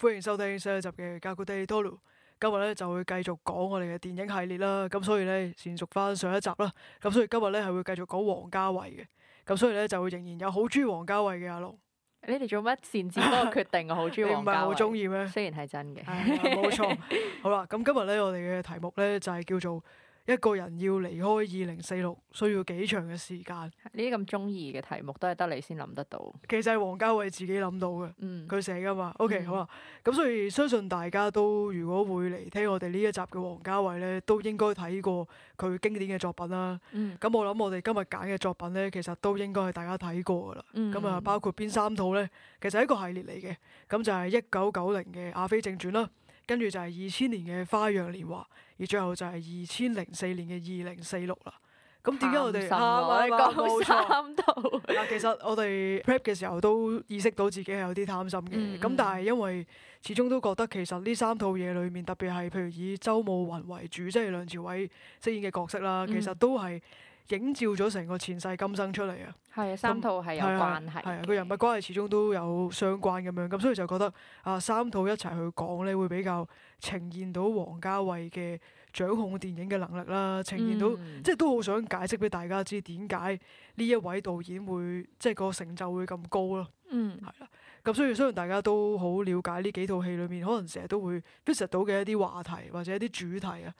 歡迎收聽上一集嘅《格古蒂托魯》，今日咧就會繼續講我哋嘅電影系列啦。咁所以咧，延續翻上一集啦。咁所以今日咧係會繼續講王家衛嘅。咁所以咧就會仍然有好中意王家衛嘅阿龍。你哋做乜擅自幫我決定我好中意？ 你唔係好中意咩？雖然係真嘅。冇、哎、錯。 好啦，咁今日咧我哋嘅題目咧就係、是、叫做。一個人要離開二零四六需要幾長嘅時間？呢啲咁中二嘅題目都係得你先諗得到。其實係王家衛自己諗到嘅，佢寫噶嘛。OK，、嗯、好啦，咁所以相信大家都如果會嚟聽我哋呢一集嘅王家衛咧，都應該睇過佢經典嘅作品啦。咁、嗯、我諗我哋今日揀嘅作品咧，其實都應該係大家睇過噶啦。咁啊、嗯，包括邊三套咧？嗯、其實一個系列嚟嘅，咁就係一九九零嘅《阿飛正傳》啦，跟住就係二千年嘅《花樣年華》。而最後就係二千零四年嘅二零四六啦。咁點解我哋嚇？我哋講三套。嗱，其實我哋 prep 嘅時候都意識到自己係有啲貪心嘅。咁、嗯嗯、但係因為始終都覺得其實呢三套嘢裏面，特別係譬如以周慕雲為主，即係梁朝偉飾演嘅角色啦，其實都係、嗯。映照咗成個前世今生出嚟啊！係啊，三套係有關係，係啊，個人物關係始終都有相關咁樣咁，所以就覺得啊，三套一齊去講咧，會比較呈現到王家衞嘅掌控電影嘅能力啦，呈現到、嗯、即係都好想解釋俾大家知點解呢一位導演會即係個成就會咁高咯。嗯，係啦，咁所以雖然大家都好了解呢幾套戲裏面，可能成日都會 visit 到嘅一啲話題或者一啲主題啊。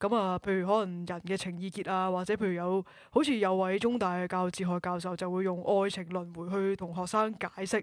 咁啊、嗯，譬如可能人嘅情意結啊，或者譬如有好似有位中大嘅教哲學教授就會用愛情輪回去同學生解釋誒，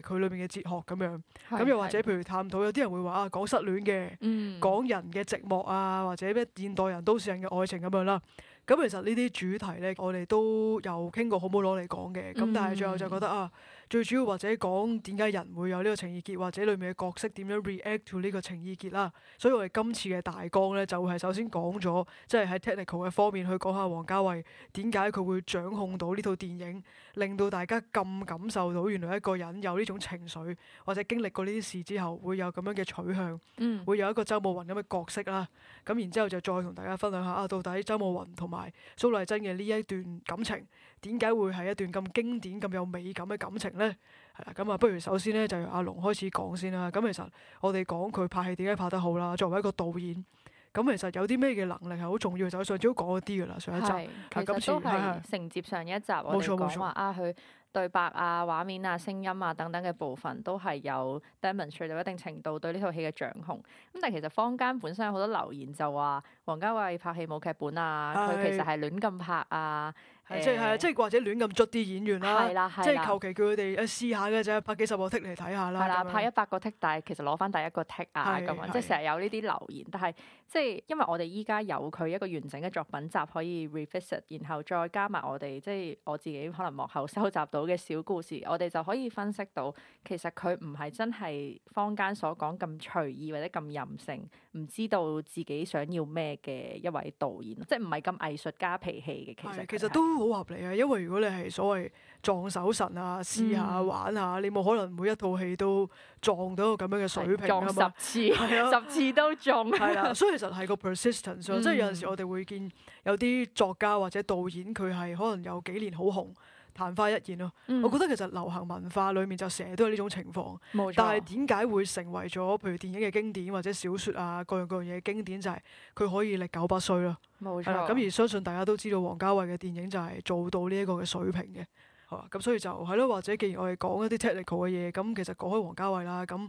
佢、呃、裏邊嘅哲學咁樣。咁是是 又或者譬如探討有啲人會話啊，講失戀嘅，講人嘅寂寞啊，或者咩現代人都市人嘅愛情咁樣啦。咁、啊、其實呢啲主題咧，我哋都有傾過好好，好唔好攞嚟講嘅？咁但係最後就覺得啊～最主要或者講點解人會有呢個情意結，或者裏面嘅角色點樣 react to 呢個情意結啦。所以我哋今次嘅大綱咧，就係首先講咗，即係喺 technical 嘅方面去講下王家衛點解佢會掌控到呢套電影，令到大家咁感受到原來一個人有呢種情緒，或者經歷過呢啲事之後會有咁樣嘅取向，會有一個周慕雲咁嘅角色啦。咁然之後就再同大家分享下啊，到底周慕雲同埋蘇麗珍嘅呢一段感情。點解會係一段咁經典、咁有美感嘅感情呢？係啦，咁啊，不如首先呢，就由阿龍開始講先啦。咁其實我哋講佢拍戲點解拍得好啦。作為一個導演，咁其實有啲咩嘅能力係好重要，就上次都講咗啲噶啦。上一集，係今次係承接上一集，我冇錯，我哋講話啊，佢對白啊、畫面啊、聲音啊等等嘅部分都係有 demonstrate 到一定程度對呢套戲嘅掌控。咁但係其實坊間本身有好多留言就話王家衛拍戲冇劇本啊，佢的其實係亂咁拍啊。即係，即係、係啊、或者亂咁捉啲演員啦，即係求其叫佢哋、呃、一試下嘅啫，百幾十個剔嚟睇下啦。係啦的，樣拍一百個剔，但係其實攞翻第一個剔 a 啊咁啊，即係成日有呢啲留言。但係即係因為我哋依家有佢一個完整嘅作品集可以 revisit，然後再加埋我哋即係我自己可能幕後收集到嘅小故事，我哋就可以分析到其實佢唔係真係坊間所講咁隨意或者咁任性，唔知道自己想要咩嘅一位導演，即係唔係咁藝術家脾氣嘅。其實其實都。都好合理啊，因為如果你係所謂撞手神啊，試下玩下，嗯、你冇可能每一套戲都撞到個咁樣嘅水平啊嘛，十次，吧 十次都撞。係啊，所以其實係個 persistence，即係 有陣時我哋會見有啲作家或者導演，佢係可能有幾年好紅。曇花一現咯，嗯、我覺得其實流行文化裡面就成日都有呢種情況，冇錯，但係點解會成為咗譬如電影嘅經典或者小説啊、各樣各樣嘢嘅經典，就係、是、佢可以歷久不衰咯。冇錯，咁而相信大家都知道王家衛嘅電影就係做到呢一個嘅水平嘅，係嘛、啊？咁所以就係咯，或者既然我哋講一啲 technical 嘅嘢，咁其實講開王家衛啦，咁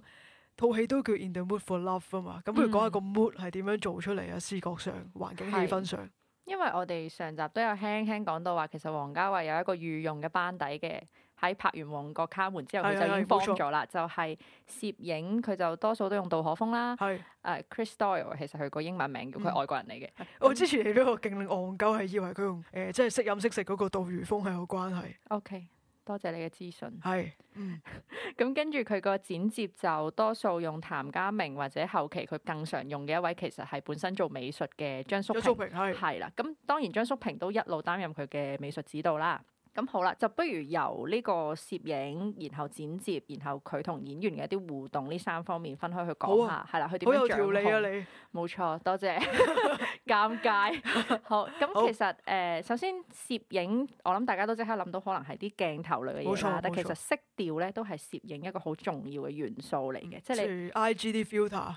套戲都叫 In the Mood for Love 啊嘛，咁、嗯、不如講下個 mood 係點樣做出嚟啊？視覺上、環境氣氛上。因為我哋上集都有輕輕講到話，其實王家衛有一個御用嘅班底嘅，喺拍完《旺角卡門》之後佢就已經幫咗啦，是是是，就係攝影佢就多數都用杜可風啦，係誒是、uh, Chris Doyle 其實佢個英文名叫佢、嗯、外國人嚟嘅，我之前俾我勁戇鳩係以為佢用誒、呃、即係識飲識食嗰個杜如風係有關係。OK。多謝你嘅資訊是。係，嗯，咁跟住佢個剪接就多數用譚家明，或者後期佢更常用嘅一位，其實係本身做美術嘅張叔平。張叔平係係啦，咁當然張叔平都一路擔任佢嘅美術指導啦。咁好啦，就不如由呢個攝影，然後剪接，然後佢同演員嘅一啲互動呢三方面分開去講下，係啦，佢點樣好啊！好有條理啊！你冇錯，多謝，尷 尬。 好咁，其實誒好、呃，首先攝影，我諗大家都即刻諗到，可能係啲鏡頭類嘅嘢錯但其實色調咧，都係攝影一個好重要嘅元素嚟嘅，即係你 I G D filter。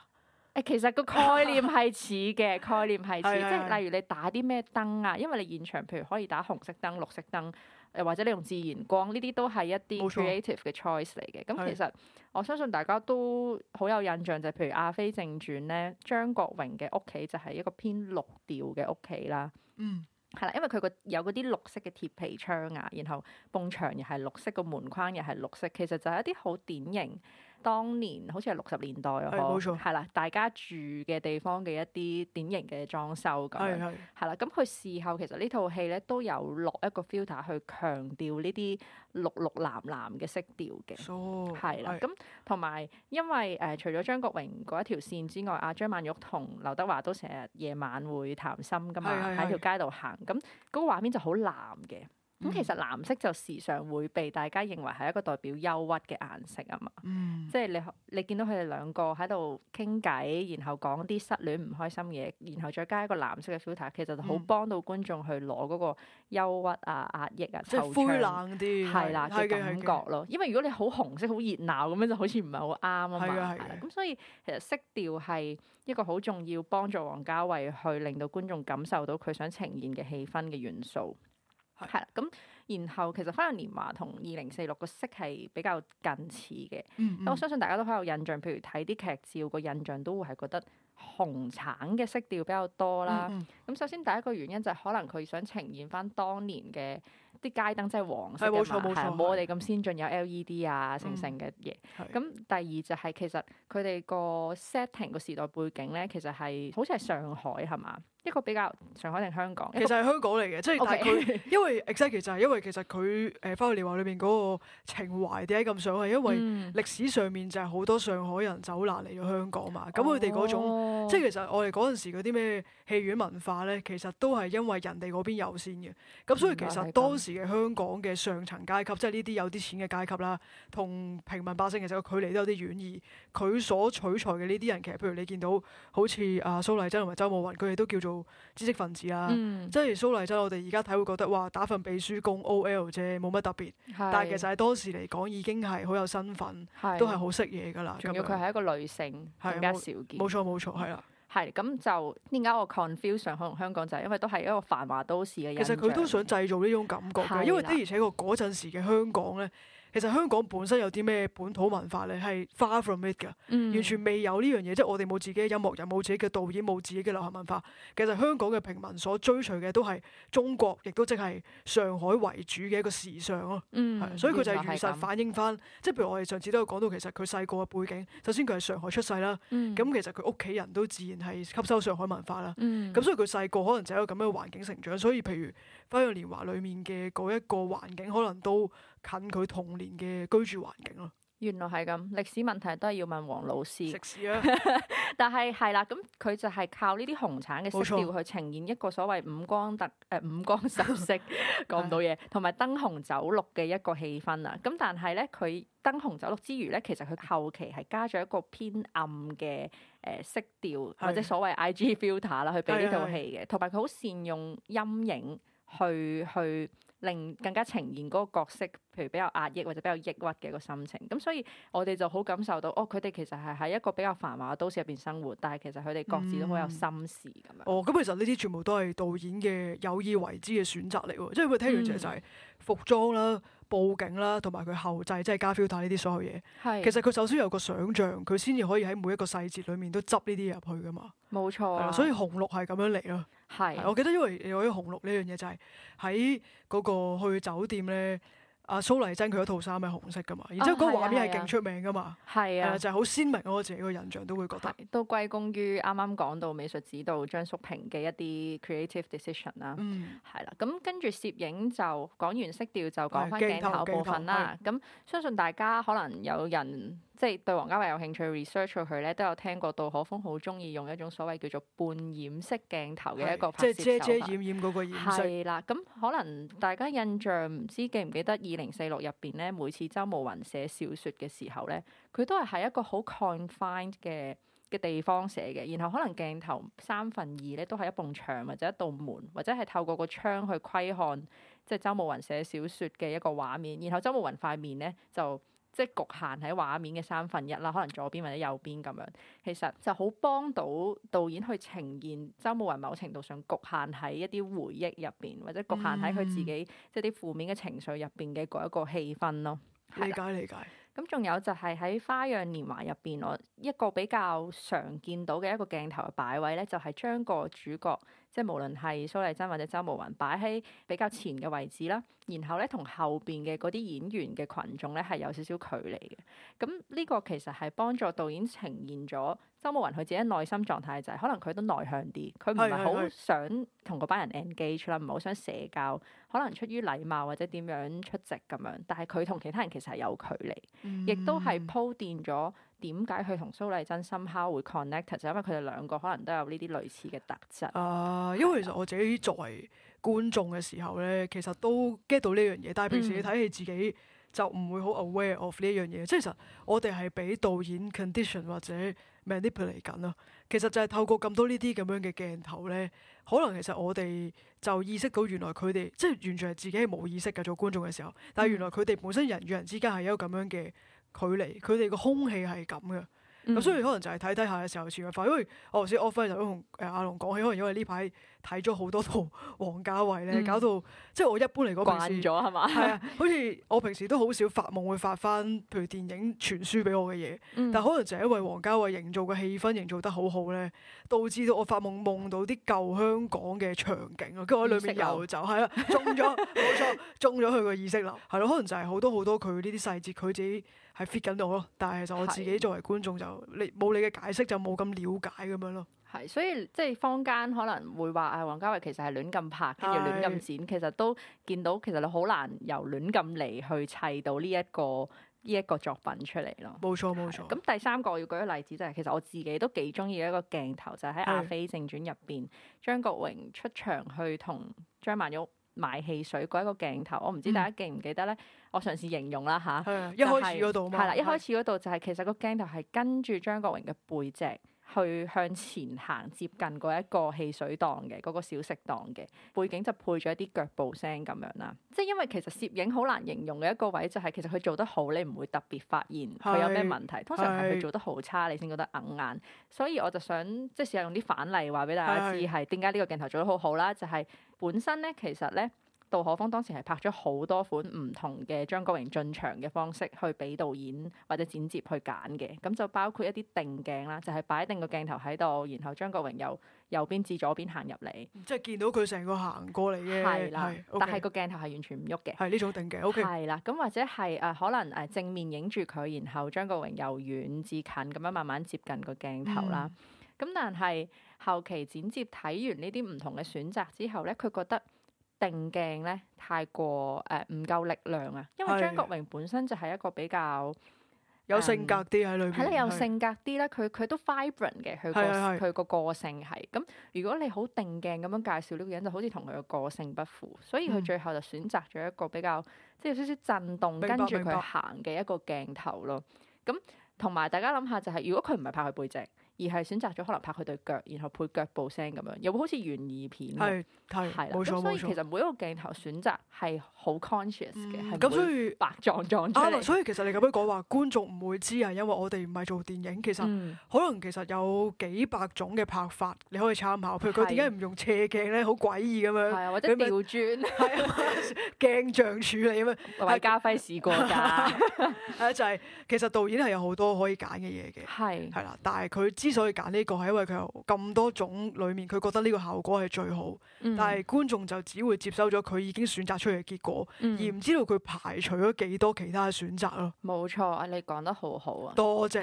誒，其實個概念係似嘅， 概念係似，即係 例如你打啲咩燈啊？因為你現場，譬如可以打紅色燈、綠色燈。誒，或者你用自然光呢啲都係一啲 creative 嘅錯 choice 嚟嘅，咁其實我相信大家都好有印象，就係譬如《阿非正傳》咧，張國榮嘅屋企就係一個偏綠調嘅屋企啦。嗯，係啦，因為佢個有嗰啲綠色嘅鐵皮窗啊，然後縫牆又係綠色，個門框又係綠色，其實就係一啲好典型。當年好似係六十年代，冇錯，係啦，大家住嘅地方嘅一啲典型嘅裝修咁樣，係啦，咁佢事後其實呢套戲咧都有落一個 filter 去強調呢啲綠綠藍藍嘅色調嘅，係啦 So, 的，咁同埋因為誒、呃、除咗張國榮嗰一條線之外，阿張曼玉同劉德華都成日夜晚會談心㗎嘛，喺條街度行，咁嗰個畫面就好藍嘅。咁其實藍色就時常會被大家認為係一個代表憂鬱嘅顏色啊嘛，即係你你見到佢哋兩個喺度傾偈，然後講啲失戀唔開心嘢，然後再加一個藍色嘅 filter，其實好幫到觀眾去攞嗰個憂鬱啊、壓抑啊、灰冷啲，係啦，嘅感覺咯。因為如果你好紅色、好熱鬧咁樣，就好似唔係好啱啊嘛。咁所以其實色調係一個好重要，幫助王家衞去令到觀眾感受到佢想呈現嘅氣氛嘅元素。係啦，咁然後其實《花樣年華》同二零四六個色係比較近似嘅，咁、嗯嗯、我相信大家都好有印象，譬如睇啲劇照個印象都會係覺得紅橙嘅色調比較多啦。咁、嗯嗯、首先第一個原因就係可能佢想呈現翻當年嘅啲街燈，即係黃色，係冇錯冇錯，冇的我哋咁先進有 LED 啊成成嘅嘢。咁第二就係其實佢哋個 setting 個時代背景咧，其實係好似係上海係嘛？一個比較上海定香港，其實係香港嚟嘅，即係 Okay. 但係佢，因為 exactly 就係因為其實佢誒《花樣年華》裏面嗰個情懷點解咁想。係、嗯、因為歷史上面就係好多上海人走難嚟咗香港嘛。咁佢哋嗰種，即係其實我哋嗰陣時嗰啲咩戲院文化咧，其實都係因為人哋嗰邊有先嘅。咁所以其實當時嘅香港嘅上層階級，即係呢啲有啲錢嘅階級啦，同平民百姓其實個距離都有啲遠而，佢所取材嘅呢啲人，其實譬如你見到好似阿蘇麗珍同埋周慕雲，佢哋都叫做。知識分子啊，即係蘇麗珍，即係我哋而家睇會覺得哇，打份秘書工 O L 啫，冇乜特別。是的 但係其實喺當時嚟講，已經係好有身份，的都係好識嘢噶啦。仲要佢係一個女性，更加少見。冇錯冇錯，係啦。係咁就點解我 confusion 可能香港就係、是、因為都係一個繁華都市嘅嘢。其實佢都想製造呢種感覺嘅，的因為的而且確嗰陣時嘅香港咧。其實香港本身有啲咩本土文化咧，係 far from it 噶，嗯、完全未有呢樣嘢，即係我哋冇自己嘅音樂，又冇自己嘅導演，冇自己嘅流行文化。其實香港嘅平民所追隨嘅都係中國，亦都即係上海為主嘅一個時尚咯。嗯，所以佢就係如實反映翻，即係譬如我哋上次都有講到，其實佢細個嘅背景，首先佢係上海出世啦。咁、嗯、其實佢屋企人都自然係吸收上海文化啦。咁、嗯、所以佢細個可能就喺咁嘅環境成長，所以譬如《花樣年華》裏面嘅嗰一個環境，可能都近佢童年嘅居住環境咯，原來係咁。歷史問題都係要問黃老師。食屎啊！ 但係係啦，咁佢就係靠呢啲紅橙嘅色調去呈現一個所謂五光特誒、呃、五光十色，講唔到嘢，同埋 燈紅酒綠嘅一個氣氛啊！咁但係咧，佢燈紅酒綠之餘咧，其實佢後期係加咗一個偏暗嘅誒色調，的或者所謂 I G filter 啦，去俾呢套戲嘅，同埋佢好善用陰影去去。去令更加呈現嗰個角色，譬如比較壓抑或者比較抑鬱嘅一個心情。咁所以我哋就好感受到，哦，佢哋其實係喺一個比較繁華嘅都市入邊生活，但係其實佢哋各自都好有心事咁樣。嗯、哦，咁其實呢啲全部都係導演嘅有意為之嘅選擇嚟，即係會聽完就係服裝啦、佈景啦，同埋佢後製，即係加 filter 呢啲所有嘢。是其實佢首先有個想像，佢先至可以喺每一個細節裡面都執呢啲入去㗎嘛。冇錯。所以紅綠係咁樣嚟咯。係，我記得，因為有啲紅綠呢樣嘢就係喺嗰個去酒店咧。阿蘇麗珍佢套衫係紅色㗎嘛，然之後嗰畫面係勁出名㗎嘛，係啊係係，就係、係、好鮮明。我自己個印象都會覺得都歸功於啱啱講到美術指導張叔平嘅一啲 creative decision 啦。嗯，係啦，咁跟住攝影就講完色調就講翻鏡頭，鏡頭部分啦。咁係相信大家可能有人。即係對王家衛有興趣 research 佢、er、咧，都有聽過杜可風好中意用一種所謂叫做半掩式鏡頭嘅一個拍攝手法。遮遮掩掩嗰個意思。係啦，咁可能大家印象唔知記唔記得《二零四六》入邊咧，每次周慕雲寫小說嘅時候咧，佢都係喺一個好 confined 嘅嘅地方寫嘅。然後可能鏡頭三分二咧都係一埲牆或者一道門，或者係透過個窗去窺看，即係周慕雲寫小說嘅一個畫面。然後周慕雲塊面咧就。即係侷限喺畫面嘅三分一啦，可能左邊或者右邊咁樣，其實就好幫到導演去呈現周慕雲某程度上局限喺一啲回憶入邊，或者局限喺佢自己、嗯、即係啲負面嘅情緒入邊嘅嗰一個氣氛咯。理解，理解。咁仲有就係喺《花樣年華》入邊，我一個比較常見到嘅一個鏡頭嘅擺位咧，就係、係、將個主角。即係無論係蘇麗珍或者周慕雲擺喺比較前嘅位置啦，然後咧同後邊嘅嗰啲演員嘅群眾咧係有少少距離嘅。咁、嗯、呢、呢個其實係幫助導演呈現咗周慕雲佢自己內心狀態就係、是、可能佢都內向啲，佢唔係好想同嗰班人 NG 出嚟，唔係好想社交，可能出於禮貌或者點樣出席咁樣。但係佢同其他人其實係有距離，亦都係鋪墊咗。點解佢同蘇麗珍 somehow 會 connect？就因為佢哋兩個可能都有呢啲類似嘅特質。啊，因為其實我自己作為觀眾嘅時候咧，其實都 get 到呢樣嘢。但係平時你睇起自己就唔會好 aware of 呢一、嗯、樣嘢。即係其實我哋係俾導演 condition 或者 manipulate 緊囉。其實就係透過咁多呢啲咁樣嘅鏡頭咧，可能其實我哋就意識到原來佢哋即係完全係自己係冇意識嘅做觀眾嘅時候。但係原來佢哋本身人與人之間係有咁樣嘅。距離佢哋個空氣係咁嘅，咁、嗯、所以可能就係睇睇下嘅時候，全部發，因為，我頭先 off 翻就都同誒阿龍講起，可能因為呢排。睇咗好多套王家衛咧，搞到即係我一般嚟講慣咗係嘛？係啊，好似我平時都好少發夢，會發翻譬如電影傳輸俾我嘅嘢，但可能就係因為王家衛營造嘅氣氛營造得好好咧，導致到我發夢夢到啲舊香港嘅場景咯，跟住我喺裡面遊走，係啊，中咗冇錯，中咗佢個意識流，係咯，可能就係好多好多佢呢啲細節，佢自己係 fit 緊到我咯。但係其實我自己作為觀眾就你冇你嘅解釋就冇咁了解咁樣咯。所以即係坊間可能會話啊、哎，王家衛其實係亂咁拍，跟住亂咁剪，的其實都見到其實你好難由亂咁嚟，去砌到呢、這、一個呢一、這個作品出嚟咯。冇錯冇錯。咁的錯第三個我要舉個例子就係，其實我自己都幾中意一個鏡頭，就喺、是《阿飛正傳》入邊，張國榮出場去同張曼玉買汽水嗰一個鏡頭。我唔知大家記唔記得咧？嗯、我嘗試形容啦吓，一開始嗰度嘛，係啦，一開始嗰度就係、是、其實個鏡頭係跟住張國榮嘅背脊。去向前行，接近嗰一個汽水檔嘅嗰個小食檔嘅背景就配咗一啲腳步聲咁樣啦。即係因為其實攝影好難形容嘅一個位，就是，就係其實佢做得好，你唔會特別發現佢有咩問題，是通常係佢做得好差，你先覺得硬眼。所以我就想即係試下用啲反例話俾大家知係點解呢個鏡頭做得好好啦。就係、是、本身咧，其實咧。杜可風當時係拍咗好多款唔同嘅張國榮進場嘅方式，去俾導演或者剪接去揀嘅。咁就包括一啲定鏡啦，就係、是、擺定個鏡頭喺度，然後張國榮由右邊至左邊行入嚟，即係見到佢成個行過嚟嘅。係啦，okay、但係個鏡頭係完全唔喐嘅。係呢種定鏡。O、okay、K。係啦，咁或者係誒、啊、可能誒正面影住佢，然後張國榮由遠至近咁樣慢慢接近個鏡頭啦。咁、嗯、但係後期剪接睇完呢啲唔同嘅選擇之後咧，佢覺得。定鏡咧太過誒、呃、唔夠力量啊，因為張國榮本身就係一個比較、嗯、有性格啲喺裏面，係啦有性格啲啦，佢佢都 vibrant 嘅，佢個佢個個性係咁。如果你好定鏡咁樣介紹呢個人，就好似同佢嘅個性不符，所以佢最後就選擇咗一個比較、嗯、即係有少少震動，明白明白，跟住佢行嘅一個鏡頭咯。咁同埋大家諗下、就係，就係如果佢唔係拍佢背脊。而係選擇咗可能拍佢對腳，然後配腳步聲咁樣，又會好似懸疑片。係係冇錯，咁所以其實每一個鏡頭選擇係好 conscious 嘅。咁所以白撞撞出嚟。所以其實你咁樣講話，觀眾唔會知啊，因為我哋唔係做電影。其實可能其實有幾百種嘅拍法你可以參考。譬如佢點解唔用斜鏡咧？好詭異咁樣。或者調轉。係鏡像處理啊嘛。係嘉輝試過㗎。係就係其實導演係有好多可以揀嘅嘢嘅。係。係啦，但係佢。之所以揀呢個係因為佢有咁多種裏面，佢覺得呢個效果係最好，但係觀眾就只會接收咗佢已經選擇出嚟嘅結果，而唔知道佢排除咗幾多其他嘅選擇咯。冇錯，你講得好好啊！多謝，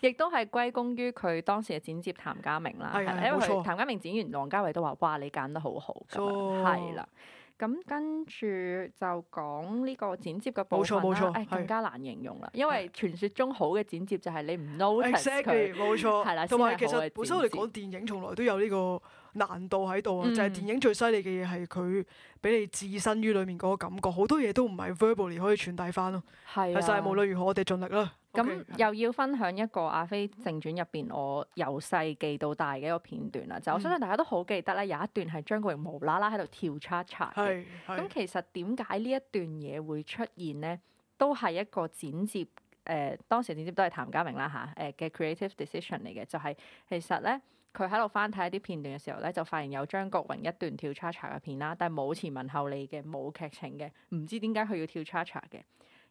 亦都係歸功於佢當時嘅剪接譚家明啦，的因為譚錯家明剪完，王家衛都話，哇，你揀得好好，係啦 So。咁、嗯、跟住就講呢個剪接嘅部分啦，誒、哎、更加難形容啦，是因為傳説中好嘅剪接就係你唔 notice 佢，Exactly，冇錯，係啦了。同埋其實本身我哋講電影，從來都有呢個難度喺度啊，嗯、就係電影最犀利嘅嘢係佢俾你置身於裡面嗰個感覺，好多嘢都唔係 verbally 可以傳遞翻咯。係、啊，但係無論如何，我哋盡力啦。咁又要分享一個《阿飛正傳》入邊，我由細記到大嘅一個片段啦。就我相信大家都好記得咧，有一段係張國榮無啦啦喺度跳叉叉嘅。咁是是 其實點解呢一段嘢會出現咧？都係一個剪接誒、呃，當時剪接都係譚家明啦嚇誒嘅 creative decision 嚟嘅，就係、是、其實咧佢喺度翻睇一啲片段嘅時候咧，就發現有張國榮一段跳叉叉嘅片啦，但係冇前文後理嘅，冇劇情嘅，唔知點解佢要跳叉叉嘅。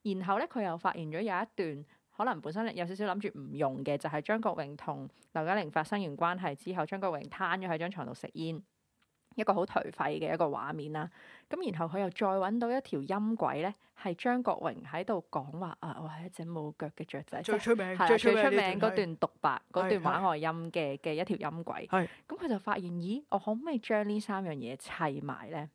然後咧佢又發現咗有一段。可能本身有少少諗住唔用嘅，就係、是、張國榮同劉嘉玲發生完關係之後，張國榮攤咗喺張床度食煙，一個好頹廢嘅一個畫面啦。咁然後佢又再揾到一條音軌呢，係張國榮喺度講話啊，我係一隻冇腳嘅雀仔最出名嗰段獨白嗰的段畫外音嘅嘅的一條音軌，咁佢的就發現咦，我可唔可以將呢三樣嘢砌埋呢？」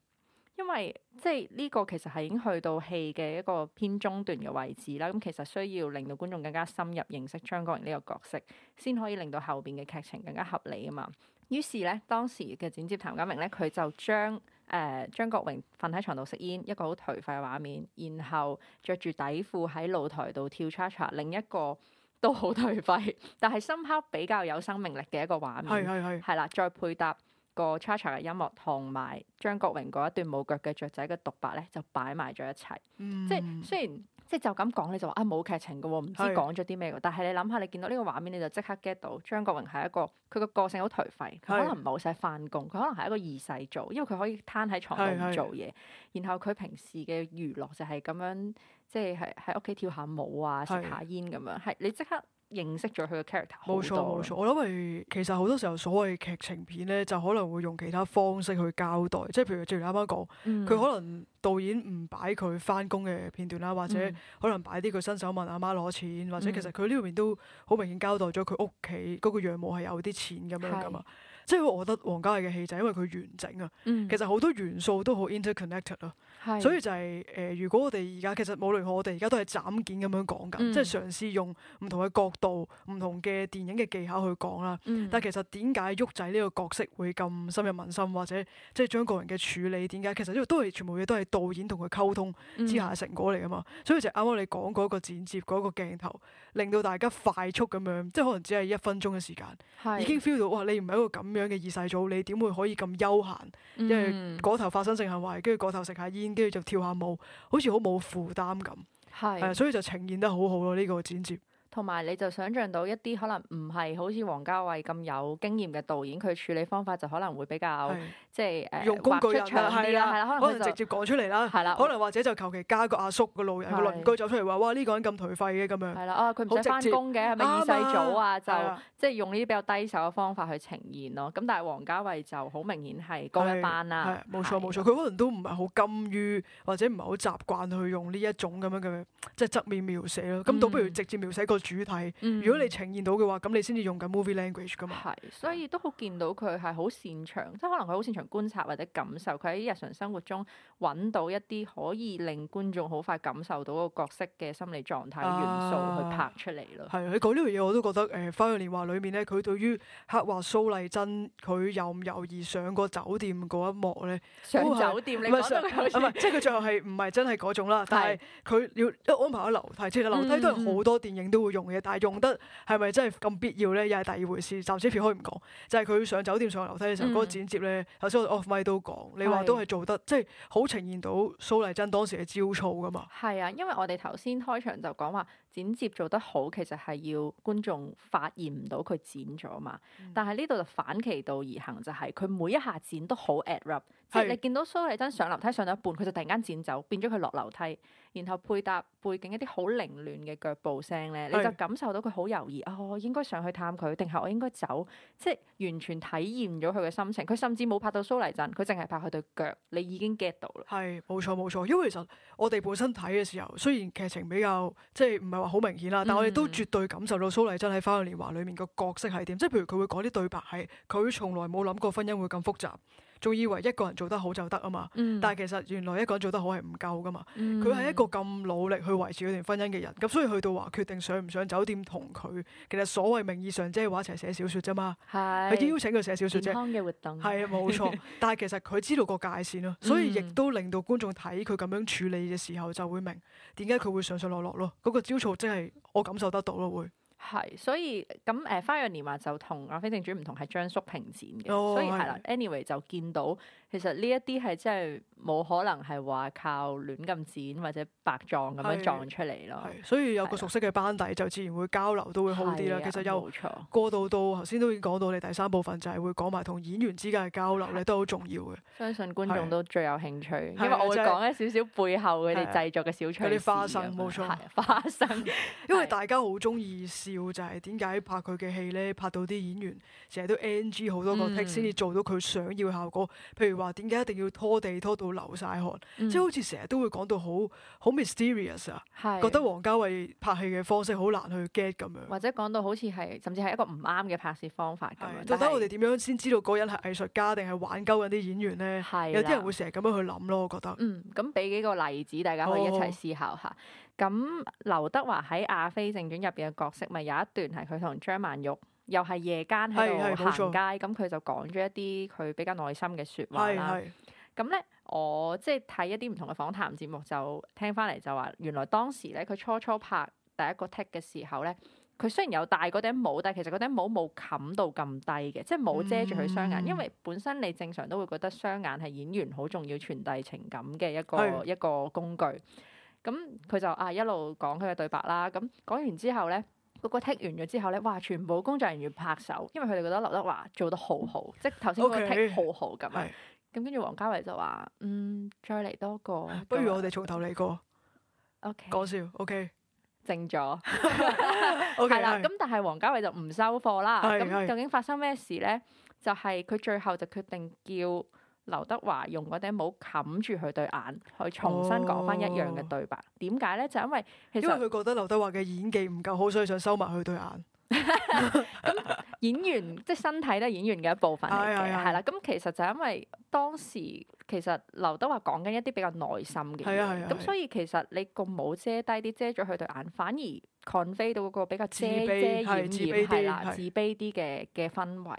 因為即係呢、這個其實係已經去到戲嘅一個偏中段嘅位置啦，咁、嗯、其實需要令到觀眾更加深入認識張國榮呢個角色，先可以令到後邊嘅劇情更加合理啊嘛。於是呢，當時嘅剪接譚家明呢，佢就將誒張國榮瞓喺床度食煙一個好頹廢嘅畫面，然後着住底褲喺露台度跳叉叉，另一個都好頹廢，但係深刻比較有生命力嘅一個畫面，係係係，係啦，再配搭。個 Chacha 嘅音樂同埋張國榮嗰一段冇腳嘅雀仔嘅獨白咧，就擺埋咗一齊、嗯。即係雖然即係就咁講，你就話啊冇劇情嘅喎，唔知講咗啲咩嘅。是 但係你諗下，你見到呢個畫面，你就即刻 get 到張國榮係一個佢個個性好頹廢，佢可能唔係好使返工，佢可能係一個二世祖，因為佢可以攤喺床度做嘢。是是然後佢平時嘅娛樂就係咁樣，即係喺喺屋企跳下舞啊，食下煙咁樣。係是是 你即刻。認識咗佢嘅 character 冇錯冇錯，我諗係其實好多時候所謂劇情片咧，就可能會用其他方式去交代，即係譬如正如啱啱講，佢、嗯、可能導演唔擺佢翻工嘅片段啦，或者可能擺啲佢伸手問阿媽攞錢，或者其實佢呢邊都好明顯交代咗佢屋企嗰個養母係有啲錢咁樣噶嘛。是 即係我覺得王家衛嘅戲就係因為佢完整啊，其實好多元素都好 interconnected 咯。是所以就係、是、誒、呃，如果我哋而家其實無論我哋而家都係斬件咁樣講緊，嗯、即係嘗試用唔同嘅角度、唔同嘅電影嘅技巧去講啦。嗯、但其實點解旭仔呢個角色會咁深入民心，或者即係將個人嘅處理點解？其實都係全部嘢都係導演同佢溝通之下嘅成果嚟㗎嘛。嗯、所以就啱啱你講嗰個剪接嗰、嗰個鏡頭，令到大家快速咁樣，即係可能只係一分鐘嘅時間，嗯、已經 feel 到哇！你唔係一個咁樣嘅二世祖，你點會可以咁悠閒？因為嗰頭發生性行為，跟住嗰頭食下煙。跟住就跳下舞，好似好冇負擔咁，係，啊，所以就呈現得好好咯，呢個剪接。同埋你就想象到一啲可能唔係好似王家衛咁有經驗嘅導演，佢處理方法就可能會比較即係誒畫出腸啲啦，可能直接講出嚟啦，可能或者就求其加個阿叔個路人個鄰居走出嚟話，哇呢個人咁頹廢嘅咁樣。係啦，啊佢唔使返工嘅，佢好直接嘅，係咪二世祖啊？就即係用呢啲比較低手嘅方法去呈現咯。咁但係王家衛就好明顯係高一班啦。冇錯冇錯，佢可能都唔係好甘於或者唔係好習慣去用呢一種咁樣嘅即係側面描寫咯。咁倒不如直接描寫個主題，如果你呈現到嘅話，咁你先至用緊 movie language 㗎嘛。係，所以都好見到佢係好擅長，即係可能佢好擅長觀察或者感受，佢喺日常生活中揾到一啲可以令觀眾好快感受到個角色嘅心理狀態元素去拍出嚟咯。係啊，你講呢樣嘢我都覺得，誒、呃《花樣年華》裏面咧，佢對於刻畫蘇麗珍佢猶唔猶豫上過酒店嗰一幕咧，上酒店，是是你講到好似，唔係即係佢最後係唔係真係嗰種啦，是但係佢要安排喺樓梯，即、就、實、是、樓梯都係好多電影都會、嗯。嗯用嘢，但係用得係咪真係咁必要咧？又係第二回事。暫時撇開唔講，就係、是、佢上酒店上樓梯嘅時候，嗰、嗯、個剪接咧，頭先我 off mic 都講，你話都係做得，啊、即係好呈現到蘇麗珍當時嘅焦躁噶嘛。係啊，因為我哋頭先開場就講話。剪接做得好，其實係要觀眾發現唔到佢剪咗嘛。嗯、但係呢度就反其道而行，就係、是、佢每一下剪都好 abrupt，即係你見到蘇麗珍上樓梯上到一半，佢就突然間剪走，變咗佢落樓梯，然後配搭背景一啲好凌亂嘅腳步聲咧，是你就感受到佢好猶豫，啊、哦，我應該上去探佢，定係我應該走？即係完全體驗咗佢嘅心情。佢甚至冇拍到蘇麗珍，佢淨係拍佢對腳，你已經 get 到啦。係冇錯冇錯，因為其實我哋本身睇嘅時候，雖然劇情比較即係唔係。好明顯啦，但我哋都絕對感受到蘇麗珍喺《花樣年華》裏面嘅角色係點，即係譬如佢會講啲對白係，佢從來冇諗過婚姻會咁複雜。仲以為一個人做得好就得啊嘛，但係其實原來一個人做得好係唔夠噶嘛。佢係一個咁努力去維持一段婚姻嘅人，咁所以去到話決定上唔上酒店同佢，其實所謂名義上即係話一齊寫小説啫嘛，係邀請佢寫小説啫，係啊，冇錯。但係其實佢知道個界線咯，所以亦都令到觀眾睇佢咁樣處理嘅時候就會明點解佢會上上落落咯。嗰個焦躁即係我感受得到咯，會。係，所以咁誒，花樣年華就同阿非正主唔同，係張叔平剪嘅，oh, 所以係啦。anyway 的就見到。其實呢一啲係真係冇可能係話靠亂咁剪或者白撞咁樣撞出嚟咯。所以有個熟悉嘅班底就自然會交流都會好啲啦。係啊的，冇錯。過渡到頭先都已經講到你第三部分，就係會講埋同演員之間嘅交流咧，都好重要嘅。相信觀眾都的最有興趣，因為我會講一少少背後佢哋製作嘅小趣事。花生，冇錯，花生。 因為大家好中意笑，就係點解拍佢嘅戲咧？拍到啲演員成日都 NG 好多個 take 先至做到佢想要嘅效果。譬如話。話點解一定要拖地拖到流晒汗？嗯、即係好似成日都會講到好好 mysterious 啊，my ious, 是覺得王家衛拍戲嘅方式好難去 get 咁樣，或者講到好似係甚至係一個唔啱嘅拍攝方法咁是是樣。到底我哋點樣先知道嗰人係藝術家定係玩鳩嗰啲演員呢？的有啲人會成日咁樣去諗咯，我覺得。嗯，咁俾幾個例子大家可以一齊思考下。咁、哦、劉德華喺《阿飛正傳》入邊嘅角色，咪、就是、有一段係佢同張曼玉。又係夜間喺度行街，咁佢是就講咗一啲佢比較內心嘅説話啦。咁咧是是，我即係睇一啲唔同嘅訪談節目，就聽翻嚟就話，原來當時咧，佢初初拍第一個 take 嘅時候咧，佢雖然有戴嗰頂帽，但係其實嗰頂帽冇冚到咁低嘅，即係冇遮住佢雙眼。嗯、因為本身你正常都會覺得雙眼係演員好重要傳遞情感嘅一個是的 一個工具。咁佢就啊一路講佢嘅對白啦。咁講完之後咧。個個剔完咗之後咧，哇！全部工作人員拍手，因為佢哋覺得劉德華做得好好，即係頭先個剔 Okay, 好好咁。咁跟住王家衛就話：嗯，再嚟多個。不如我哋從頭嚟過。Okay。講笑。O、okay、K。靜咗了。O 係啦。咁是但係王家衛就唔收貨啦。係咁是是究竟發生咩事咧？就係、是、佢最後就決定叫。劉德華用嗰頂帽冚住佢對眼，去重新講翻一樣嘅對白。點解咧？就因為其實因為佢覺得劉德華嘅演技唔夠好，所以想收埋佢對眼。咁演員即係身體都係演員嘅一部分嚟嘅，係啦。咁其實就因為當時其實劉德華講緊一啲比較內心嘅，係啊係啊。咁所以其實你個帽遮低啲，遮咗佢對眼，反而 convey 到個比較遮遮掩掩係啦，自卑啲嘅嘅氛圍。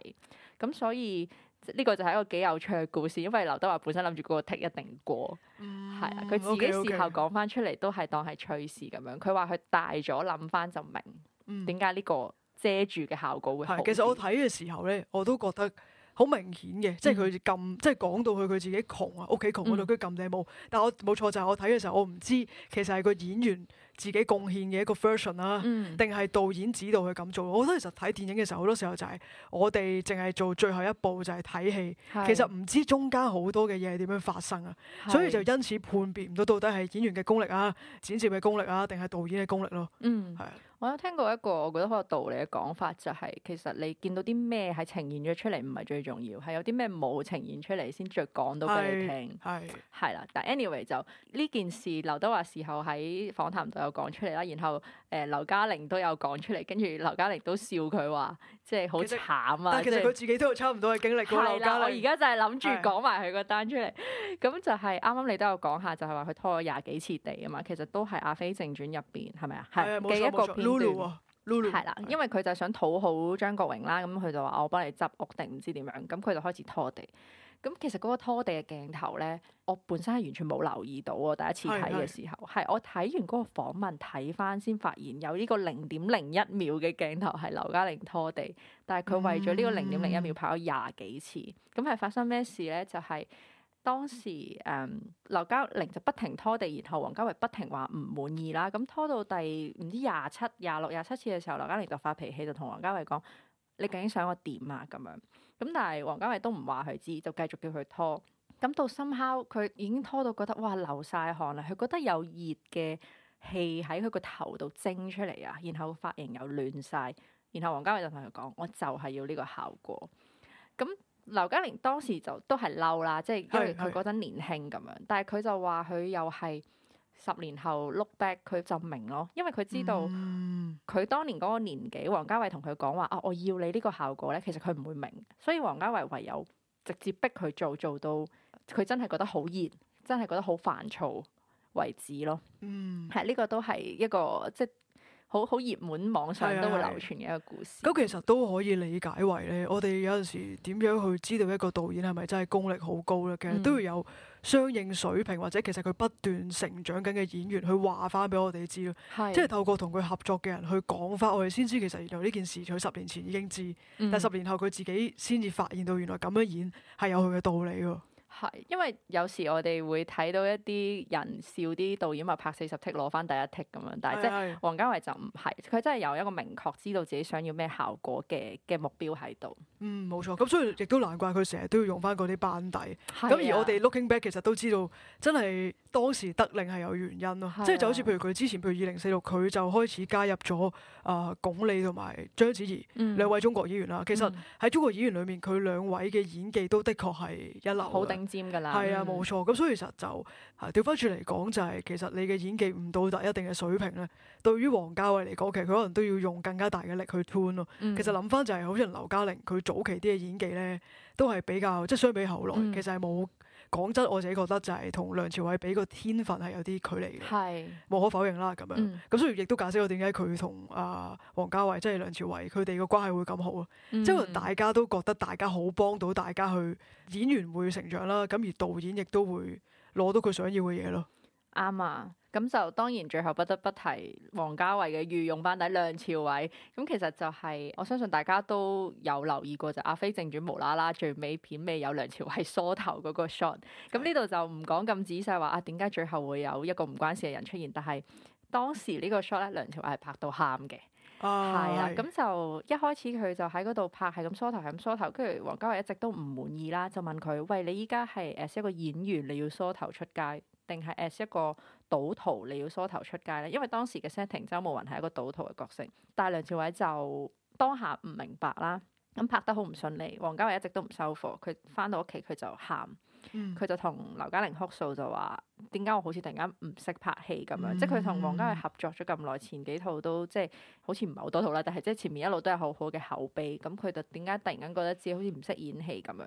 咁所以。呢個就係一個幾有趣嘅故事，因為劉德華本身諗住嗰個 take 一定過，係啊、嗯，佢自己事後講翻出嚟都係當係趣事咁樣。佢話佢大咗諗翻就明點解呢個遮住嘅效果會好。好。其實我睇嘅時候咧，我都覺得。好明顯嘅、嗯，即係佢撳，即係講到去佢自己窮啊，屋企窮嗰度佢撳你冇。嗯、但我冇錯，就係、是、我睇嘅時候，我唔知其實係個演員自己貢獻嘅一個 version 啊，定係、嗯、導演指導佢咁做。我覺得其實睇電影嘅時候，好多時候就係我哋淨係做最後一步，就係、是、睇戲，是其實唔知中間好多嘅嘢係點樣發生啊，是所以就因此判別唔到到底係演員嘅功力啊、剪接嘅功力啊，定係導演嘅功力咯。嗯，係。我有聽過一個我覺得好有道理嘅講法，就係、是、其實你見到啲咩係呈現咗出嚟唔係最重要，係有啲咩冇呈現出嚟先再講到俾你聽。係係啦，但 anyway 就呢件事，劉德華時候喺訪談就有講出嚟啦，然後誒、呃、劉嘉玲都有講出嚟，跟住劉嘉玲都笑佢話，即係好慘啊！其實佢自己都有差唔多嘅經歷㗎。係啦，我而家就係諗住講埋佢個單出嚟，咁的就係啱啱你都有講下，就係話佢拖咗廿幾次地啊嘛，其實都係阿飛正傳入邊係咪啊？係嘅一個 Lulu 啊，係啦了，的因為佢就係想討好張國榮啦，咁佢的就話我幫你執屋定唔知點樣，咁佢就開始拖地。咁其實嗰個拖地嘅鏡頭咧，我本身係完全冇留意到，第一次睇嘅時候，係的我睇完嗰個訪問睇翻先發現有呢個零點零一秒嘅鏡頭係劉嘉玲拖地，但係佢為咗呢個零點零一秒拍咗廿幾次。咁係、嗯、發生咩事咧？就係、是。當時誒、嗯、劉嘉玲就不停拖地，然後王家衛不停話唔滿意啦。咁拖到第唔知廿七、廿六、廿七次嘅時候，劉嘉玲就發脾氣，就同王家衛講：你究竟想我點啊？咁樣咁，但係王家衛都唔話佢知，就繼續叫佢拖。咁到深秋，佢已經拖到覺得哇流晒汗啦，佢覺得有熱嘅氣喺佢個頭度蒸出嚟啊，然後髮型又亂晒。然後王家衛就同佢講：我就係要呢個效果。咁劉嘉玲當時就都係嬲啦，即係因為佢嗰陣年輕咁樣，是是但係佢就話佢又係十年後 look back 佢就明咯，因為佢知道佢當年嗰個年紀，嗯、王家衞同佢講話啊，我要你呢個效果呢，其實佢唔會明，所以王家衞唯有直接逼佢做做到佢真係覺得好熱，真係覺得好煩躁為止咯。嗯，係呢個都係一個即。好好熱門，網上都會流傳嘅一個故事。嗯。咁其實都可以理解為咧，我哋有陣時點樣去知道一個導演係咪真係功力好高咧？其實都要有相應水平，或者其實佢不斷成長緊嘅演員去話翻俾我哋知咯。係嘅。即係透過同佢合作嘅人去講翻，我哋先知其實原來呢件事佢十年前已經知，但十年後佢自己先至發現到原來咁樣演係有佢嘅道理喎。係，因為有時我哋會睇到一啲人笑啲導演話拍四十 take 攞翻第一 take a 咁樣，但係即係王是是 家衛就唔係，佢真係有一個明確知道自己想要咩效果嘅嘅目標喺度。嗯，冇錯，咁所以亦都難怪佢成日都要用翻嗰啲班底。咁是、啊、而我哋 looking back 其實都知道，真係當時得令係有原因咯。即係是、啊、就好似譬如佢之前譬如二零四六，佢就開始加入咗啊，鞏俐同埋章子怡、嗯、兩位中國演員啦。嗯、其實喺中國演員裏面，佢、嗯、兩位嘅演技都的確係一流。尖係 啊，冇錯。咁所以其實就調翻轉嚟講，啊、就係、是、其實你嘅演技唔到達一定嘅水平咧，對於王家衛嚟講，其實佢可能都要用更加大嘅力去 tune 咯。其實諗翻就係好似人，劉嘉玲佢早期啲嘅演技咧，都係比較即係相比後來，其實係冇。講真，我自己覺得就係同梁朝偉比，個天分係有啲距離嘅，是無可否認啦。咁樣咁，嗯、所以亦都解釋到點解佢同啊王家衞即係梁朝偉佢哋個關係會咁好啊，嗯、即係大家都覺得大家好幫到大家去演員會成長啦，咁而導演亦都會攞到佢想要嘅嘢咯。啱、嗯、啊！咁就當然最後不得不提王家衛嘅御用班底梁朝偉。咁其實就係我相信大家都有留意過，就阿飛正傳無啦啦最尾片尾有梁朝偉梳頭嗰個 shot。咁呢度就唔講咁仔細話啊，點解最後會有一個唔關事嘅人出現？但係當時呢個 shot 咧，梁朝偉係拍到喊嘅，係啦、 啊。咁就一開始佢就喺嗰度拍，係咁梳頭，係咁梳頭。跟住王家衛一直都唔滿意啦，就問佢：喂，你依家係誒一個演員，你要梳頭出街？定係 as 一個賭徒，你要梳頭出街咧？因為當時嘅 setting，周慕雲係一個賭徒嘅角色，但係梁朝偉就當下唔明白啦。咁拍得好唔順利，王家衞一直都唔收貨。佢返到屋企，佢就喊，佢、嗯、就同劉嘉玲哭訴就，就話點解我好似突然間唔識拍戲咁樣？嗯、即係佢同王家衞合作咗咁耐，前幾套都即係好似唔係好多套啦，但係即係前面一路都係好好嘅口碑。咁佢就點解突然間覺得自己好似唔識演戲咁樣？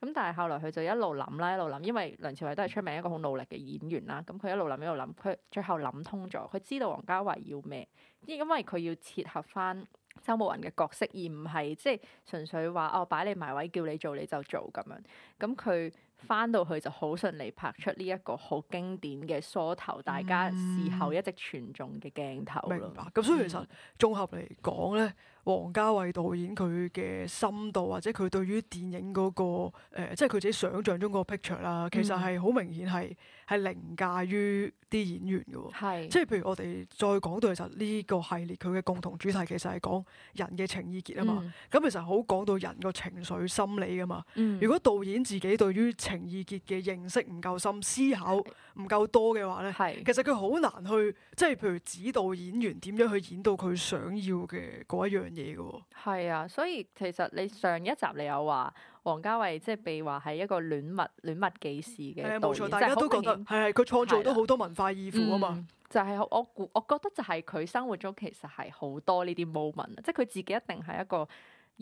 咁但係後來佢就一路諗啦，一路諗，因為梁朝偉都係出名一個好努力嘅演員啦。咁佢一路諗，一路諗，佢最後諗通咗，佢知道王家衞要咩，因為佢要切合返周慕雲嘅角色，而唔係即係純粹話：哦，擺你埋位，叫你做你就做咁樣。咁佢。翻到去就好順利拍出呢一個好經典嘅梳頭，大家事後一直傳頌嘅鏡頭、嗯、明白。咁所以其實綜合嚟講咧，嗯、王家衞導演佢嘅深度或者佢對於電影嗰、嗰個、呃、即係佢自己想像中個 picture 啦，其實係好明顯係係、嗯、凌駕於啲演員嘅喎。是即係譬如我哋再講到其實呢個系列佢嘅共同主題其實係講人嘅情意結啊嘛。嗯。咁其實好講到人個情緒心理噶嘛。如果導演自己對於，情意結嘅認識唔夠深，思考唔夠多嘅話咧，的其實佢好難去即係，譬如指導演員點樣去演到佢想要嘅嗰一樣嘢嘅喎。係啊，所以其實你上一集你有話王家衛即係被話係一個戀物、戀物紀事嘅？冇錯，大家都覺得係係佢創造咗好多文化意符啊嘛。就係、是、我我覺得就係佢生活中其實係好多呢啲 moment，即係佢自己一定係一個。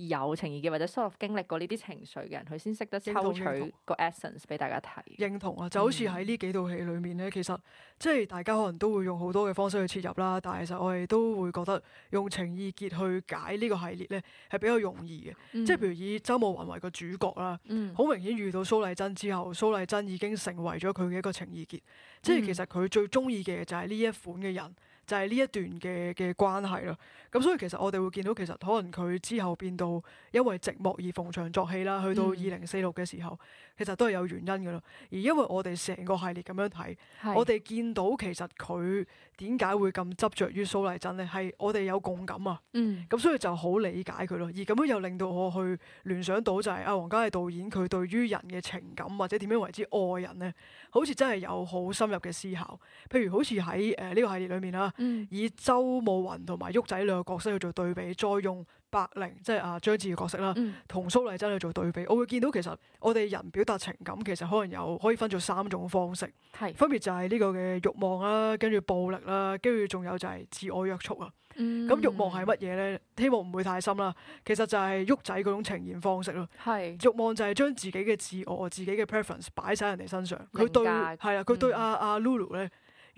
有情意結或者 sort of 經歷過呢啲情緒嘅人，佢先識得抽取個同 essence 俾大家睇。認同啊，就好似喺呢幾套戲裡面咧，嗯、其實即係大家可能都會用好多嘅方式去切入啦。但係其實我哋都會覺得用情意結去解呢個系列咧，係比較容易嘅。嗯、即係譬如以周慕雲為個主角啦，好、嗯、明顯遇到蘇麗珍之後，蘇麗珍已經成為咗佢嘅一個情意結。嗯、即係其實佢最中意嘅就係呢一款嘅人。就係呢一段嘅嘅關係啦，咁所以其實我哋會見到，其實可能佢之後變到因為寂寞而逢場作戲啦，去到二零四六嘅時候。嗯其實都係有原因嘅咯，而因為我哋成個系列咁樣睇，是我哋見到其實佢點解會咁執着於蘇麗珍呢？係我哋有共感啊，咁、嗯、所以就好理解佢咯。而咁樣又令到我去聯想到就係阿王家衛導演佢對於人嘅情感或者點樣為之愛人呢，好似真係有好深入嘅思考。譬如好似喺誒呢個系列裏面嚇、啊，嗯、以周慕雲同埋旭仔兩個角色去做對比，再用白玲即係、啊、阿張智嘅角色啦，同蘇麗珍去做對比，我會見到其實我哋人表達情感其實可能有可以分做三種方式，是分別就係呢個嘅慾望啦，跟住暴力啦，跟住仲有就係自我約束啊。咁慾、嗯、望係乜嘢呢？希望唔會太深啦。其實就係旭仔嗰種呈現方式咯。慾是望就係將自己嘅自我、自己嘅 preference 擺晒人哋身上。佢常對係啦，佢、嗯、對阿、啊、阿、啊啊、Lulu 咧，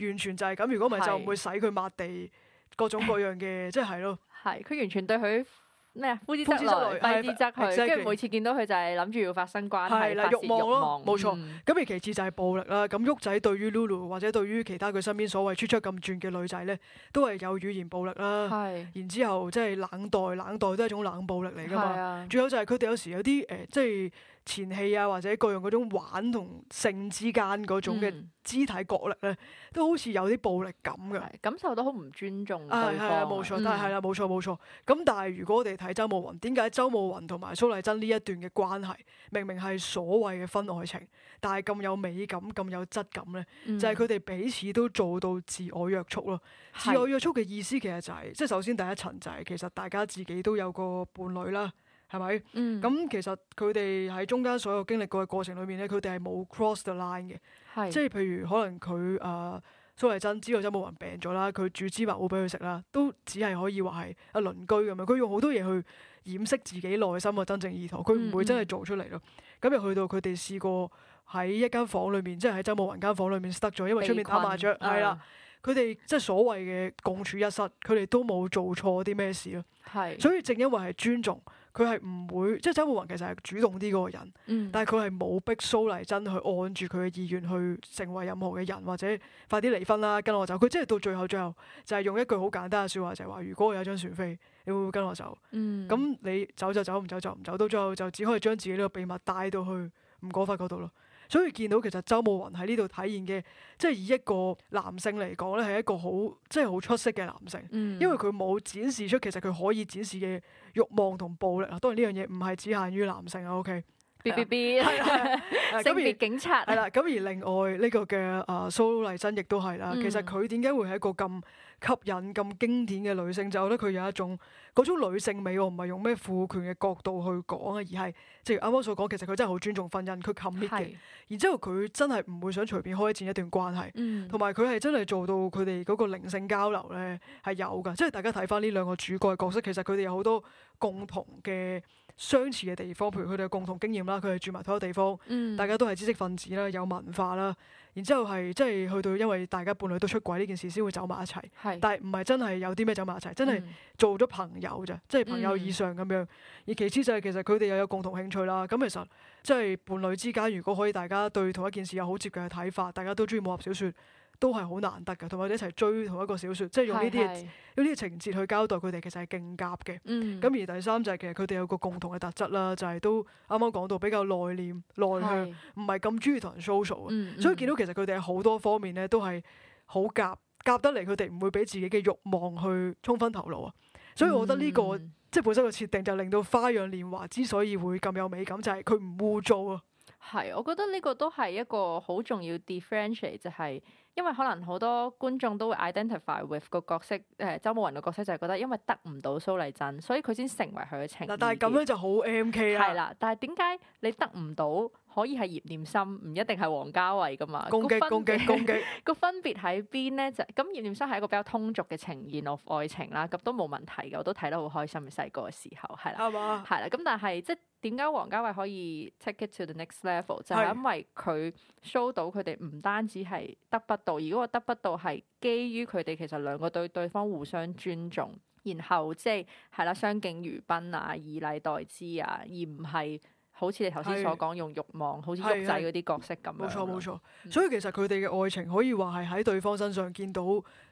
完全就係咁。如果唔係就唔會使佢抹地。各種各樣嘅，即係咯，係佢完全對佢咩啊？呼之則來，揮之則去，即係每次見到佢就係諗住要發生關係，係啦，欲望咯，冇錯。咁而其次就係暴力啦。咁旭仔對於 Lulu 或者對於其他佢身邊所謂出出咁轉嘅女仔咧，都係有語言暴力啦。係，然之後即係冷待，冷待都係一種冷暴力嚟㗎嘛。仲有就係佢哋有時有啲誒，即係。前戲啊，或者各樣嗰種玩同性之間嗰種嘅肢體角力咧，都好似有啲暴力感嘅，感受到好唔尊重對方啊。冇、哎、錯，嗯、但係係啦，冇錯冇錯。咁但係如果我哋睇周慕雲，點解周慕雲同埋蘇麗珍呢一段嘅關係，明明係所謂嘅婚外情，但係咁有美感、咁有質感咧，嗯、就係佢哋彼此都做到自我約束咯。係自我約束嘅意思其實就係、係，即係首先第一層就係、係、其實大家自己都有個伴侶啦。係咪？咁、嗯、其實佢哋喺中間所有經歷過嘅過程裏面咧，佢哋係冇 cross the line 嘅，是即係譬如可能佢誒蘇麗珍知道周慕雲病咗啦，佢煮芝麻糊俾佢食啦，都只係可以話係阿鄰居咁樣。佢用好多嘢去掩飾自己內心嘅真正意圖，佢唔會真係做出嚟咯。咁、嗯嗯、又去到佢哋試過喺一間房裏面，即係喺周慕雲間房裏面 stuck 咗，因為出面打麻雀係啦。佢哋即係所謂嘅共處一室，佢哋都冇做錯啲咩事咯。係是，所以正因為係尊重。佢係唔會，即係周慕雲其實係主動啲嗰個人，嗯、但係佢係冇逼蘇麗珍去按住佢嘅意願去成為任何嘅人，或者快啲離婚啦，跟我走。佢即係到最後，最後就係用一句好簡單嘅説話，就係、是、話：如果我有一張船飛，你會唔會跟我走？咁、嗯、你走就走，唔走就唔走。走到最後就只可以將自己呢個秘密帶到去吳哥窟嗰度咯。所以見到其實周慕雲喺呢度體現嘅，即、就、係、是、以一個男性嚟講咧，係一個好即係好出色嘅男性，嗯、因為佢冇展示出其實佢可以展示嘅慾望同暴力啦。當然呢樣嘢唔係只限於男性、okay? 嗯、啊。O K，B B B，性別警察係啦。咁而另外呢個嘅啊蘇麗珍亦都係啦。其實佢點解會係一個咁？嗯嗯嗯吸引咁經典嘅女性，就我覺得佢有一種嗰種女性美。我唔係用咩賦權嘅角度去講啊，而係即係啱啱所講，其實佢真係好尊重婚姻，佢 commit 嘅。是然之後佢真係唔會想隨便開展一段關係，同埋佢係真係做到佢哋嗰個靈性交流咧，係有㗎。即係大家睇翻呢兩個主角嘅角色，其實佢哋有好多共同嘅。相似嘅地方，譬如佢哋嘅共同經驗啦，佢哋住埋同一地方，嗯、大家都係知識分子啦，有文化啦，然之後係即係去到因為大家伴侶都出軌呢件事先會走埋一齊，是但係唔係真係有啲咩走埋一齊，真係做咗朋友啫。嗯、即係朋友以上咁樣。而其次就係其實佢哋又有共同興趣啦，咁其實即係、即係、伴侶之間如果可以大家對同一件事有好接近嘅睇法，大家都中意武俠小說。都係好難得嘅，同埋我哋一齊追同一個小説，即係用呢啲、呢啲是是 情節去交代佢哋、嗯，其實係勁夾嘅。咁而第三就係其實佢哋有個共同嘅特質啦，就係、係、都啱啱講到比較內斂、內向，唔係咁中意同人 social。嗯嗯，所以見到其實佢哋好多方面咧都係好夾夾得嚟，佢哋唔會俾自己嘅慾望去衝昏頭腦啊。所以我覺得呢、呢個、嗯、即係本身嘅設定就令到《花樣年華》之所以會咁有美感，就係佢唔污糟啊。係，我覺得呢個都係一個好重要 differentiate，就係、係。因為可能好多觀眾都會 identify with 個角色，誒、呃，周慕雲嘅角色就係覺得，因為得唔到蘇麗珍，所以佢先成為佢嘅情人，但係咁樣就好 M K 啦，係啦，但係點解你得唔到？可以係葉念琛，唔一定係王家衛噶嘛。攻擊攻擊攻擊，個 分別喺邊咧？就咁葉念琛係一個比較通俗嘅呈現 of 愛情啦，咁都冇問題嘅，我都睇得好開心。細個嘅時候係啦，係吧啦。咁但係即係點解王家衛可以 take it to the next level？就係因為佢 show 到佢哋唔單止係得不到，而嗰個得不到係基於佢哋其實兩個對對方互相尊重，然後即係係啦，相敬如賓啊，以禮待之啊，而唔係。好似你頭先所講，是的 用欲望，好似旭仔嗰啲角色咁樣。冇錯冇錯，所以其實佢哋嘅愛情可以話係喺對方身上見到。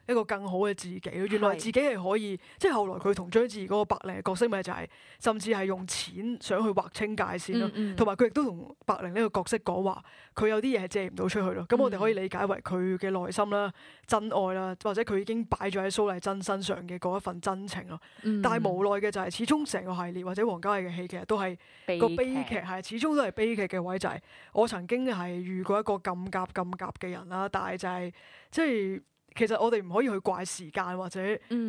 一個更好嘅自己原來自己係可以，的即係後來佢同章子怡嗰個白靈嘅角色咪就係，甚至係用錢想去劃清界線咯，同埋佢亦都同白靈呢個角色講話，佢有啲嘢係借唔到出去咯。咁、嗯、我哋可以理解為佢嘅內心啦、真愛啦，或者佢已經擺咗喺蘇麗珍身上嘅嗰一份真情咯。嗯、但係無奈嘅就係，始終成個系列或者王家衛嘅戲其實都係個悲劇，係劇始終都係悲劇嘅位就係、是，我曾經係遇過一個咁夾咁夾嘅人啦，但係就係、是、即係。即其實我哋唔可以去怪時間或者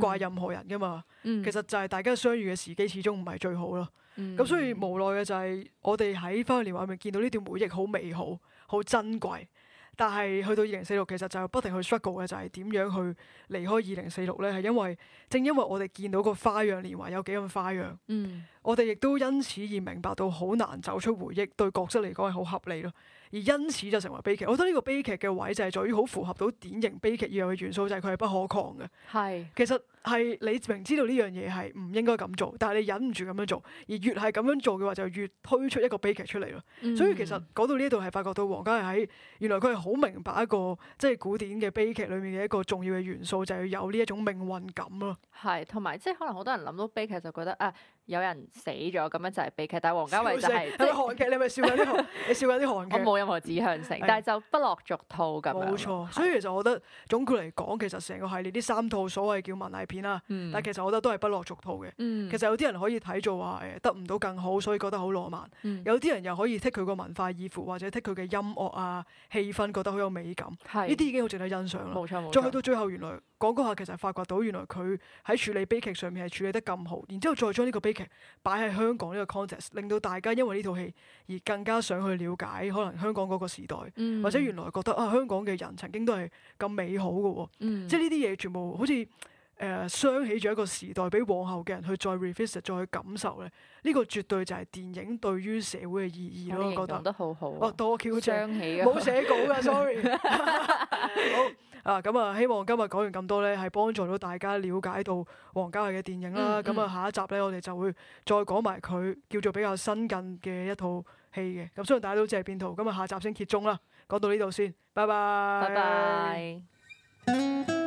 怪任何人㗎嘛，嗯、其實就係大家相遇嘅時機始終唔係最好咯。咁、嗯、所以無奈嘅就係我哋喺《花樣年華》入面見到呢段回憶好美好、好珍貴，但係去到二零四六其實就係不停去 struggle 嘅就係點樣去離開二零四六呢？係因為正因為我哋見到個《花樣年華》有幾咁花樣。嗯我哋亦都因此而明白到好難走出回憶，對角色嚟講係好合理咯。而因此就成為悲劇。我覺得呢個悲劇嘅位就係在於好符合到典型悲劇要有嘅元素，就係佢係不可抗嘅。係是，其實係你明知道呢樣嘢係唔應該咁做，但係你忍唔住咁樣做，而越係咁樣做嘅話，就越推出一個悲劇出嚟咯。嗯、所以其實講到呢度係發覺到王家衛喺原來佢係好明白一個即係、就是、古典嘅悲劇裏面嘅一個重要嘅元素，就係、是、有呢一種命運感咯。係，同埋即係可能好多人諗到悲劇就覺得誒。啊有人死咗，咁樣就係悲劇。但係王家衛就係即係韓劇，你咪笑緊啲韓，你笑緊啲韓劇。我冇任何指向性，但係就不落俗套咁樣。冇錯。所以其實我覺得總括嚟講，其實成個系列呢三套所謂叫文藝片啦，但係其實我覺得都係不落俗套嘅。其實有啲人可以睇做話誒得唔到更好，所以覺得好浪漫。有啲人又可以剔佢個文化意符，或者剔佢嘅音樂啊氣氛，覺得好有美感。呢啲已經好值得欣賞啦。冇錯。再去到最後，原來，講嗰下其實發掘到原來佢喺處理悲劇上面係處理得咁好，然之後再將呢個悲劇擺喺香港呢個 context，令到大家因為呢套戲而更加想去了解可能香港嗰個時代，嗯、或者原來覺得啊香港嘅人曾經都係咁美好嘅喎，即係呢啲嘢全部好似。誒，傷起咗一個時代，俾往後嘅人去再 refresh，再去感受咧。呢個絕對就係電影對於社會嘅意義咯，我覺得。哇，講得好好，多 Q 張，冇寫稿㗎，sorry。好啊，咁啊，希望今日講完咁多咧，係幫助到大家瞭解到王家衛嘅電影啦。咁啊，下一集咧，我哋就會再講埋佢叫做比較新近嘅一套戲嘅。咁雖然大家都借片圖，咁啊，下一集先結宗啦。講到呢度先，拜拜，拜拜。